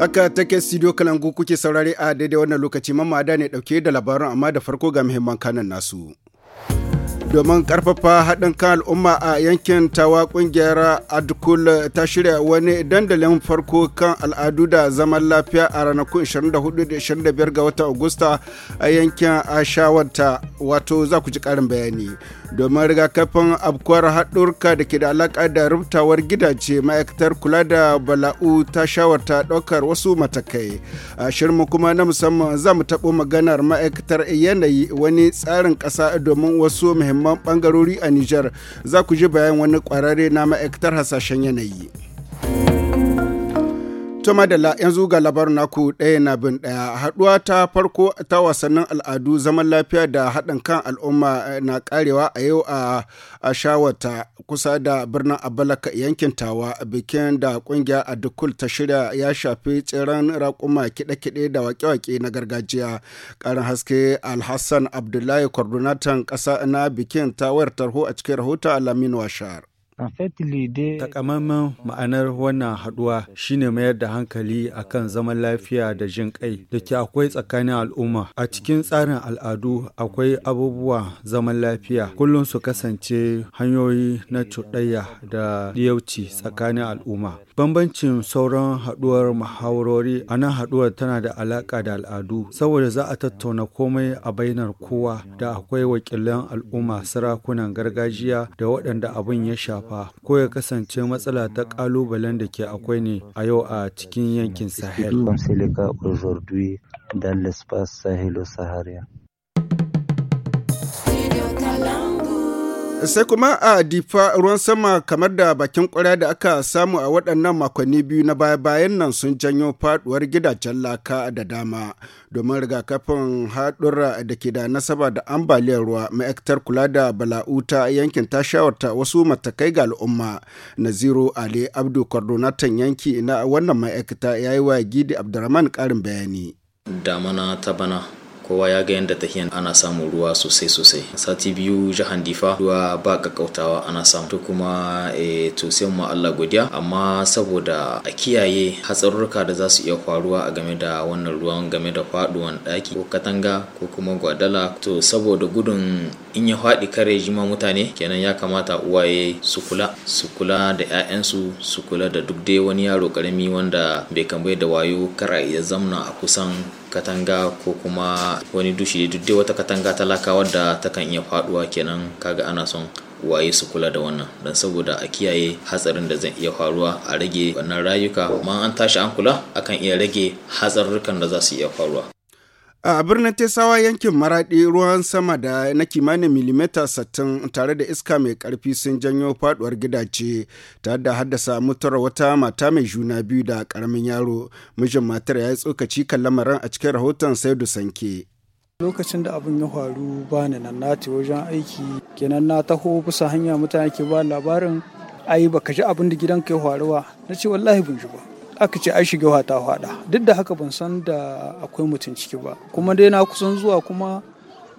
Aka take studio kalangu kuke saurare a daidai wannan lokaci mamada ne dauke da labarin amma da farko ga muhimman kanan nasu. domin karfafa haɗin kan al'umma a yankin tawa ƙungiyar adkul ta shirya wani dandalin farko kan al'adu da zaman lafiya a ranakun 24-25 ga watan agusta a yankin ashawarta. wato za ku ji karin bayani domin rigakafin abkuwar haɗurka da ke da alaƙa da rubtawar gidaje ma'aikatar kula da bala'u ta shawarta ɗaukar wasu matakai a shirmu kuma na musamman za mu taɓo maganar ma'aikatar yanayi wani tsarin ƙasa domin wasu muhimman ɓangarori a nijar za ku ji bayan wani ƙwararre na ma'aikatar hasashen yanayi. To madalla yanzu ga labarin naku ɗaya na bin ɗaya haɗuwa ta farko ta wasannin al'adu zaman lafiya da haɗin kan al'umma eh, na karewa a yau a shawata kusa da birnin abalaka yankin tawa bikin da ƙungiya a dukul ta shirya ya shafi tseren raƙuma kiɗe-kiɗe da waƙe-waƙe na gargajiya ƙarin haske alhassan abdullahi kwardunatan ƙasa na bikin ta wayar tarho a cikin rahoton alamin washar. Takamaiman ma'anar wannan haɗuwa shine mayar da hankali akan zaman lafiya da jin kai da ke akwai tsakanin al'umma. A cikin tsarin al'adu akwai abubuwa zaman lafiya kullum su kasance hanyoyi na cuɗayya da liyauci tsakanin al'umma. Bambancin sauran haɗuwar muhawarori a nan haɗuwar tana da alaƙa da al'adu saboda za a tattauna komai a bainar kowa da akwai wakilan al'umma sarakunan gargajiya da waɗanda abin ya shafa. fa ko ya kasance matsala ta kalubalen da ke akwai ne a yau a cikin yankin Sahel. sai kuma a difa ruwan sama kamar da bakin kwarya da aka samu a waɗannan makonni biyu na baya-bayan nan sun janyo faduwar gidajen laka da dama domin rigakafin haɗura da ke da nasaba da ambaliyar ruwa ma'aikatar kula da bala'u ta yankin ta shawarta wasu matakai ga al'umma naziru ali abdu kwardonatan yanki na wannan ma'aikata ya yi wa gidi abdurrahman ƙarin bayani damana ta bana kowa ya ga yadda tahiyan ana samun ruwa sosai sosai sati biyu jihar difa ruwa ba kakautawa ana samu to kuma e, to sai mu Allah godiya amma saboda a kiyaye hatsarurruka da za su iya faruwa a game da wannan ruwan game da faduwan daki ko katanga ko kuma gwadala to saboda gudun in ya faɗi kare jima mutane kenan ya kamata uwaye su kula su kula da 'ya'yansu su kula da duk dai wani yaro karami wanda bai kambai da wayo kara ya zamna a kusan katanga ko kuma wani dushi duk dai wata katanga talaka wadda ta kan iya faduwa kenan kaga ana son waye su kula da wannan don saboda a kiyaye hatsarin da zai iya faruwa a rage wannan rayuka kuma an tashi an kula akan iya rage hatsarurrukan da za su iya faruwa a birnin tesawa yankin maraɗi ruwan sama da na kimanin milimita sattin tare da iska mai ƙarfi sun janyo faɗuwar gidace tare da haddasa mutuwar wata mata mai juna biyu da ƙaramin yaro mijin matar ya yi tsokaci kan lamarin a cikin rahoton saidu sanke lokacin da abin ya faru bani nan nati wajen aiki kenan na taho kusa hanya mutane ke ba labarin ai baka ji abin da gidanka ya faru ba na ce wallahi ban ji ba aka ce ai shigewa ta hada duk da haka ban san da akwai mutum ciki ba kuma dai na kusan zuwa kuma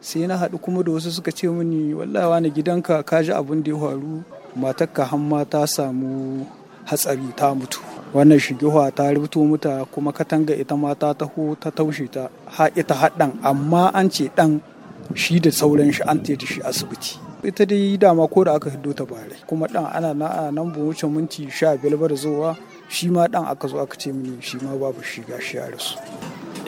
sai na haɗu kuma da wasu suka ce mini wallahi wani gidanka ka ji abin da ya faru matarka hamma ta samu hatsari ta mutu wannan shigewa ta rubuto muta kuma katanga ita ma ta taho ta taushe ta ha ita haɗan amma an ce ɗan shi da sauran shi an da shi asibiti ita dai dama ko da aka hiddo ta bare kuma ɗan ana nan ba minti sha biyar ba da zuwa shi ma ɗan aka zo aka ce mini shi ma babu shiga shi ya rasu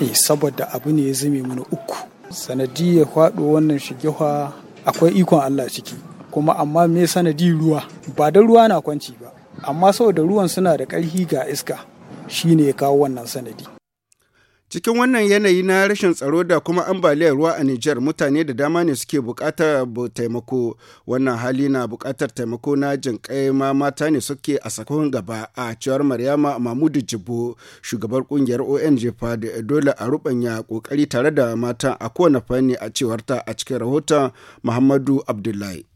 eh saboda abu ne ya zame mana uku sanadi ya faɗo wannan shigewa akwai ikon Allah ciki kuma amma me sanadi ruwa ba da ruwa na kwanci ba amma saboda ruwan suna da ƙarfi ga iska shine ya kawo wannan sanadi cikin wannan yanayi na rashin tsaro da kuma ambaliyar ruwa a Nijar mutane da dama ne suke bukatar taimako wannan hali na bukatar taimako na jinkai ma mata ne suke a sakon gaba a cewar Maryama Mamudu Jibo shugabar kungiyar ONG FAD dole a rubanya kokari tare da mata a kowane fanni a cewarta a cikin rahoton Muhammadu Abdullahi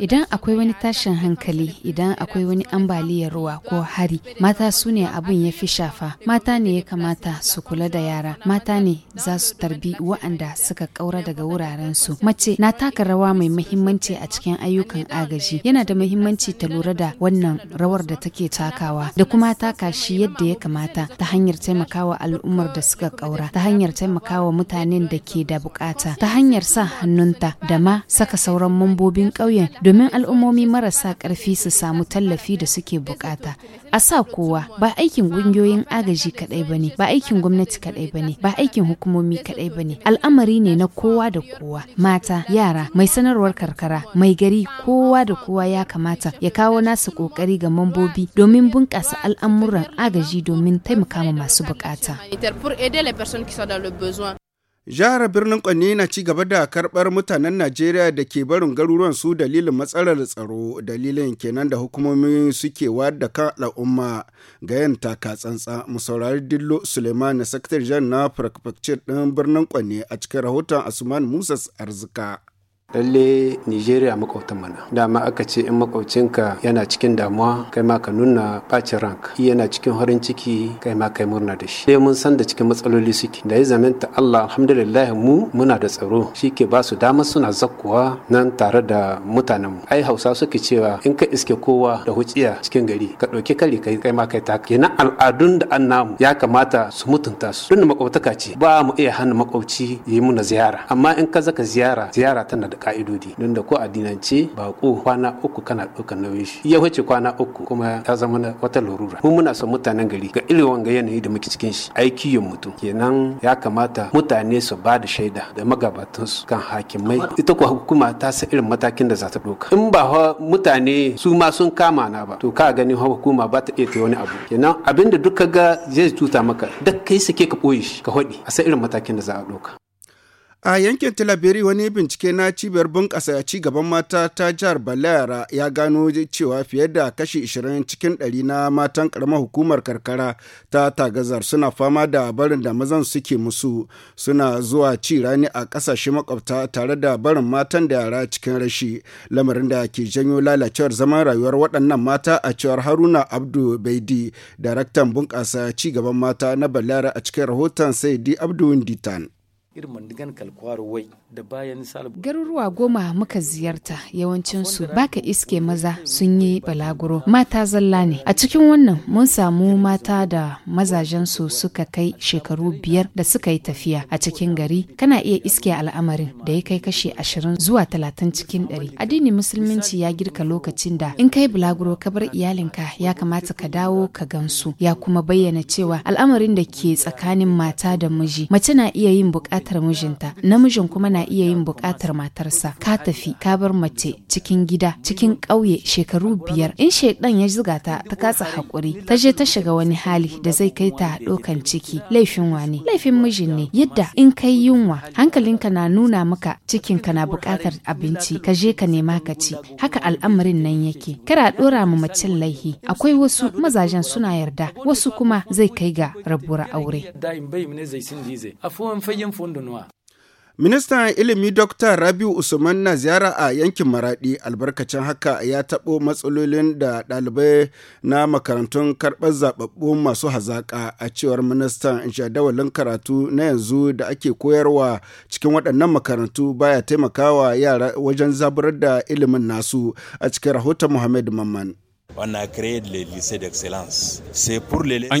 Idan akwai wani tashin hankali, idan akwai wani ambaliyar ruwa ko hari, mata su ne abin ya fi shafa. Mata ne ya kamata su kula da yara, mata ne za su tarbi wa'anda suka ƙaura daga wurarensu. Mace na taka rawa mai muhimmanci a cikin ayyukan agaji. Yana da muhimmanci ta lura da wannan rawar da take takawa, da kuma taka shi yadda ya kamata ta hanyar taimakawa al'ummar da suka ƙaura, ta hanyar taimakawa mutanen da ke da bukata, ta hanyar sa hannunta da ma saka sauran mambobin ƙauyen domin al'ummomi marasa ƙarfi su samu tallafi da suke bukata. A sa kowa ba aikin ƙungiyoyin agaji kaɗai ba ne, ba aikin gwamnati kaɗai ba ne, ba aikin hukumomi kaɗai ba ne. Al'amari ne na kowa da kowa, mata, yara, mai sanarwar karkara, mai gari, kowa da kowa ya kamata ya kawo nasu ƙoƙari ga mambobi domin bunƙasa al'amuran agaji domin taimaka ma masu bukata. Jihar birnin Kwanne na ci gaba da karɓar mutanen Najeriya da ke barin garuruwan su dalilin matsalar tsaro dalilin kenan da hukumomin suke da kan al'umma ga yin taka tsantsa mu saurari Dillo Suleiman na Sakatare Jan na Prefecture ɗin birnin Kwanne a cikin rahoton Asuman Musa Arzika. lalle nigeria makwabtan mana dama aka ce in makwabcinka yana cikin damuwa kai ma ka nuna bacin rank yana cikin farin ciki kai ma kai murna da shi dai mun san da cikin matsaloli suke da ya zamanta allah alhamdulillah mu muna da tsaro shi ke ba su dama suna zakkuwa nan tare da mutanen mu ai hausa suke cewa in ka iske kowa da huciya cikin gari ka ɗauki kari kai kai ma kai ta kenan al'adun da an namu ya kamata su mutunta su tunda makwabtaka ce ba mu iya hana makwabci yi muna ziyara amma in ka zaka ziyara ziyara tana da da ka'idodi don da ko addinance bako kwana uku kana ɗauka nauyin shi ya wuce kwana uku kuma ya zama na wata larura mu muna son mutanen gari ga irin wanga yanayi da muke cikin shi aiki yin mutum kenan ya kamata mutane su ba da shaida da magabatansu kan hakimai ita ko hukuma ta sa irin matakin da za ta ɗauka in ba mutane su ma sun kama na ba to ka gani hukuma ba ta iya ta wani abu kenan abinda duka ga zai tuta maka da kai sake ka ɓoye shi ka haɗi a sa irin matakin da za a ɗauka A yankin Tilaberi wani bincike na cibiyar bunƙasa ci gaban mata ta jihar Balayara ya gano cewa fiye da kashi 20 cikin 100 na matan ƙaramar hukumar karkara ta tagazar suna fama da barin da mazan suke musu suna zuwa ci rani a ƙasashe makwabta tare da barin matan da yara cikin rashi lamarin da ke janyo lalacewar zaman rayuwar waɗannan mata a cewar Haruna Abdu Baidi daraktan bunƙasa ci gaban mata na Balayara a cikin rahoton Saidi Abdu Ditan. ir mandigan kalkwaro wai Garuruwa goma muka ziyarta yawancinsu baka iske maza sun yi balaguro mata zalla ne. A cikin wannan mun samu mata da mazajensu suka kai shekaru biyar da suka yi tafiya a cikin gari kana iya iske al'amarin da ya kai kashe ashirin zuwa talatin cikin ɗari. Addini musulminci ya girka lokacin da in kai balaguro ka bar iyalinka ya kamata ka dawo ka gansu ya kuma bayyana cewa al'amarin da ke tsakanin mata da miji mace na iya yin bukatar mijinta namijin kuma na iya yin buƙatar matarsa ka tafi ka bar mace cikin gida cikin ƙauye shekaru biyar in shaidan ya zuga ta ta katsa hakuri ta je ta shiga wani hali da zai kai ta dokan ciki laifin wane laifin mijin ne yadda in kai yunwa hankalinka na nuna maka ka na buƙatar abinci ka je ka nema ka ci haka al'amarin nan yake kara dora ma macen laihi akwai wasu mazajen suna yarda wasu kuma zai kai ga rabuwar aure. Ministan ilimi Dr. Rabiu Usman na ziyara a yankin Maradi albarkacin haka ya taɓo matsalolin da ɗalibai na makarantun karɓar zaɓaɓɓu masu hazaƙa a cewar ministan jadawalin karatu na yanzu da ake koyarwa cikin waɗannan makarantu baya taimakawa yara wajen zaburar da ilimin nasu a cikin rahoton Muhammad Mamman. An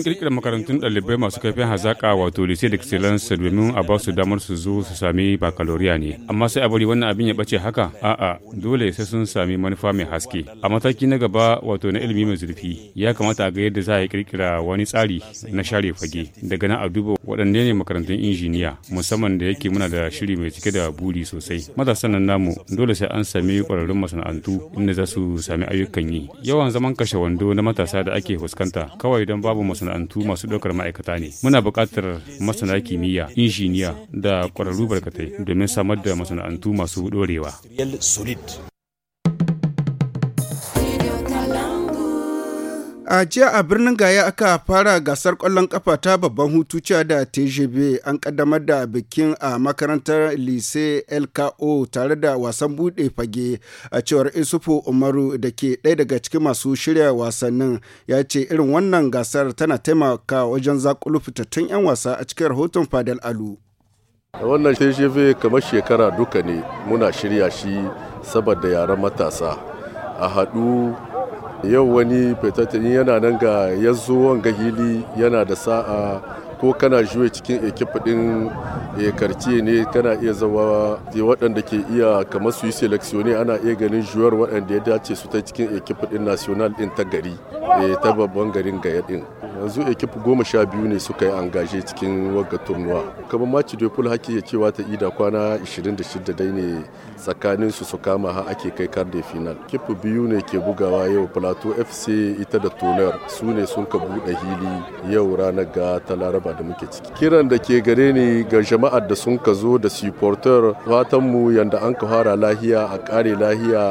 kirkira makarantun ɗalibai masu kaifin hazaƙa wato lycée d'excellence domin a ba su damar su zo su sami bakaloriya ne. Amma sai a bari wannan abin ya bace haka? A'a, dole sai sun sami manufa mai haske. A mataki na gaba wato na ilimi mai zurfi, ya kamata a ga yadda za a yi kirkira wani tsari na share fage. Daga nan a duba waɗanne ne makarantun injiniya, musamman da yake muna da shiri mai cike da buri sosai. Matasan nan namu dole sai an sami ƙwararrun masana'antu inda za su sami ayyukan yi. Yawan zama zaman kashe wando na matasa da ake fuskanta kawai don babu masana'antu masu ɗaukar ma'aikata ne. Muna buƙatar masana kimiyya, injiniya da ƙwararru barkatai domin samar da masana'antu masu ɗorewa. A jiya a birnin Gaya aka fara gasar kwallon kafa ta babban hutu cewa da TGB an kaddamar da bikin a makarantar Lise LKO tare da wasan buɗe fage a cewar Isufu Umaru da ke ɗaya daga cikin masu shirya wasannin ya ce irin wannan gasar tana taimaka wajen zakulu fitattun 'yan wasa a cikin rahoton Fadal Alu. Wannan TGB kamar shekara duka ne muna shirya shi saboda yaren matasa a haɗu yau wani fitattun yana nan ga yanzu wanga hili yana da sa'a ko kana juye cikin ekip din kartiye eh, ne kana iya zama waɗanda ke iya kamar su yi ana iya ganin juyar waɗanda ya dace su ta cikin ekip din national din ta gari eh, ta babban garin gaya din yanzu ekip goma sha biyu ne suka yi angaje cikin wagga turnuwa kamar maci dopul haki ya cewa ta ida kwana 26 dai ne tsakanin su su kama ha ake kai kar da final ekip biyu ne ke bugawa yau plateau fc ita da tunar su ne sun ka buɗe hili yau ranar ga ta ba da muke ciki kiran da ke gare ni ga jama'ar da sun ka zo da supporter fatanmu yanda an ka fara lahiya a kare lahiya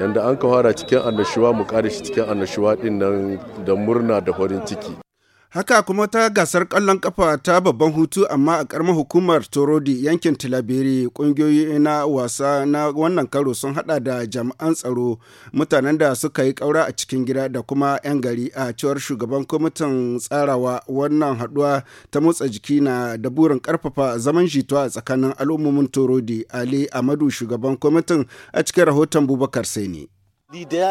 yanda an ka fara cikin annashuwa mu kare shi cikin annashuwa din nan da murna da farin ciki Haka kuma ta gasar kallon kafa ta babban hutu amma a karamar hukumar Torodi yankin tilabiri ƙungiyoyi na wasa na wannan karo sun hada da jami'an tsaro mutanen da suka yi ƙaura a cikin gida da kuma 'yan gari a cewar shugaban kwamitin tsarawa wannan haɗuwa ta motsa jiki na da burin ƙarfafa zaman jituwa a tsakanin al'ummomin Torodi Ali Amadu shugaban kwamitin a cikin rahoton Bubakar Saini.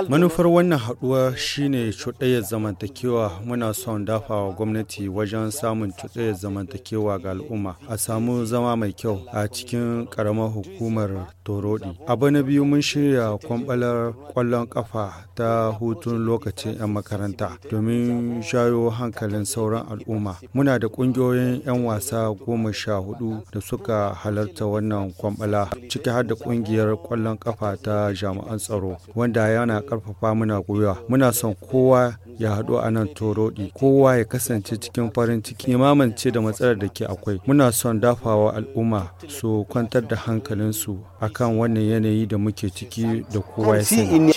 Manufar wannan haɗuwa shine cuɗayar zamantakewa muna son dafawa gwamnati wajen samun cuɗayar zamantakewa ga al'umma a samu zama mai kyau a cikin ƙaramar hukumar Torodi. Abu na biyu mun shirya kwambalar ƙwallon ƙafa ta hutun lokacin 'yan makaranta domin shayo hankalin sauran al'umma. Muna da ƙungiyoyin 'yan wasa goma sha hudu da suka halarta wannan kwambala ciki har da ƙungiyar ƙwallon ƙafa ta jami'an tsaro wanda yana karfafa muna gwiwa muna son kowa ya haɗu a nan torodi kowa ya kasance cikin farin ciki mamance da matsalar da ke akwai muna son dafawa al'umma su kwantar da hankalinsu akan wannan yanayi da muke ciki da kowa ya sani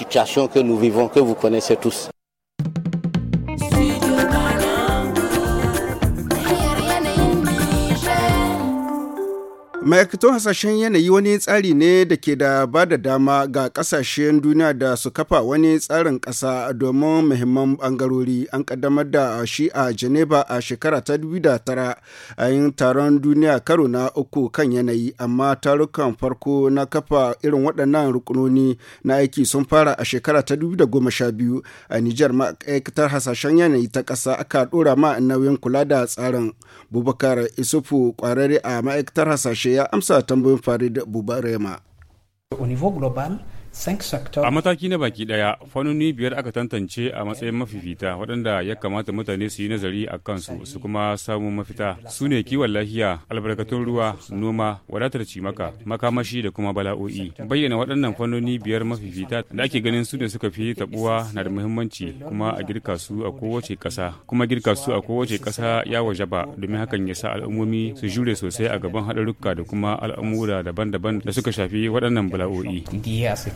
ma'aikatan hasashen yanayi wani tsari ne da ke da ba da dama ga kasashen duniya da su kafa wani tsarin ƙasa domin muhimman bangarori an kaddamar da shi a geneva a shekara ta 2009 a yin taron duniya karo na uku kan yanayi amma tarukan farko na kafa irin waɗannan rukunoni na aiki sun fara a shekara ta 2012 a nijar ma'aikatar hasashen yanayi ta ƙasa aka ɗora ma nauyin kula da tsarin bubakar isufu ƙwararre a ma'aikatar hasashe ya amsa tambayin Farid Bubarema. A mataki na baki daya, fannoni biyar aka tantance a matsayin mafifita waɗanda ya kamata mutane su yi nazari a kansu su kuma samu mafita. Su ne kiwon lafiya, albarkatun ruwa, noma, wadatar cimaka, makamashi da kuma bala'o'i. Bayyana waɗannan fannoni biyar mafifita da ake ganin su ne suka fi taɓuwa na da muhimmanci kuma a girka su a kowace ƙasa. Kuma girka su a kowace ƙasa ya waje ba domin hakan ya sa al'ummomi su jure sosai a gaban haɗarurruka da kuma al'amura daban-daban da suka shafi waɗannan bala'o'i.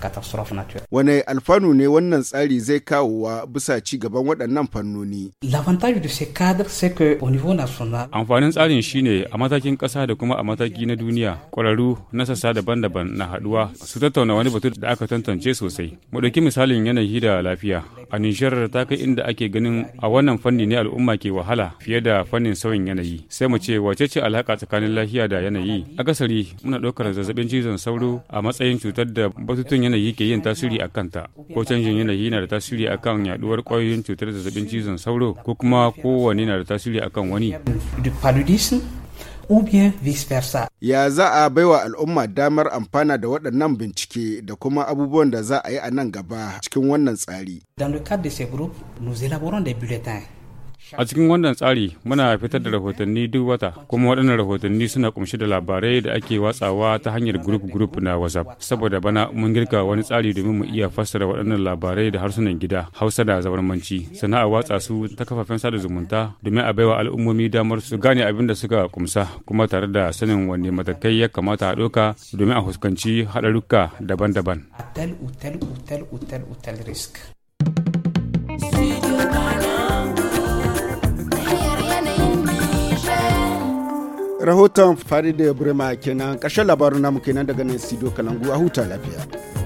catastrophe natural. Wane alfanu ne wannan tsari zai kawo wa bisa ci gaban waɗannan fannoni? L'avantage de ce cadre c'est que au niveau national. Amfanin tsarin shine a matakin ƙasa da kuma a mataki na duniya ƙwararru na sassa daban-daban na haɗuwa su tattauna wani batu da aka tantance sosai. Mu ɗauki misalin yanayi da lafiya. A Nijar ta kai inda ake ganin a wannan fanni ne al'umma ke wahala fiye da fannin sauyin yanayi. Sai mu ce wace ce alaƙa tsakanin lafiya da yanayi? Akasari muna ɗaukar zazzabin cizon sauro a matsayin cutar da batutun yanayi yanayi ke yin tasiri a kanta ko canjin yanayi na da tasiri akan yaduwar kwayoyin cutar zazzabin cizon sauro ko kuma kowane na da tasiri akan wani vice versa. Ya za a bai wa al'umma damar amfana da waɗannan bincike da kuma abubuwan da za a yi a nan gaba cikin wannan tsari. de A cikin wannan tsari muna fitar da rahotanni duk wata kuma waɗannan rahotanni suna kumshi da labarai da ake watsawa ta hanyar group group na WhatsApp. Saboda bana mun girka wani tsari domin mu iya fassara waɗannan labarai da harsunan gida Hausa da zabarmanci sana'a watsa su ta kafafen sada zumunta domin a baiwa al'ummomi damar su gane abin da suka kumsa kuma tare da sanin wanne matakai ya kamata a ɗauka domin a fuskanci haɗarurruka daban-daban. Studio Ghana. rahoton farida brema kenan ƙarshen labarin namu kenan daga nan sido kalangu a huta lafiya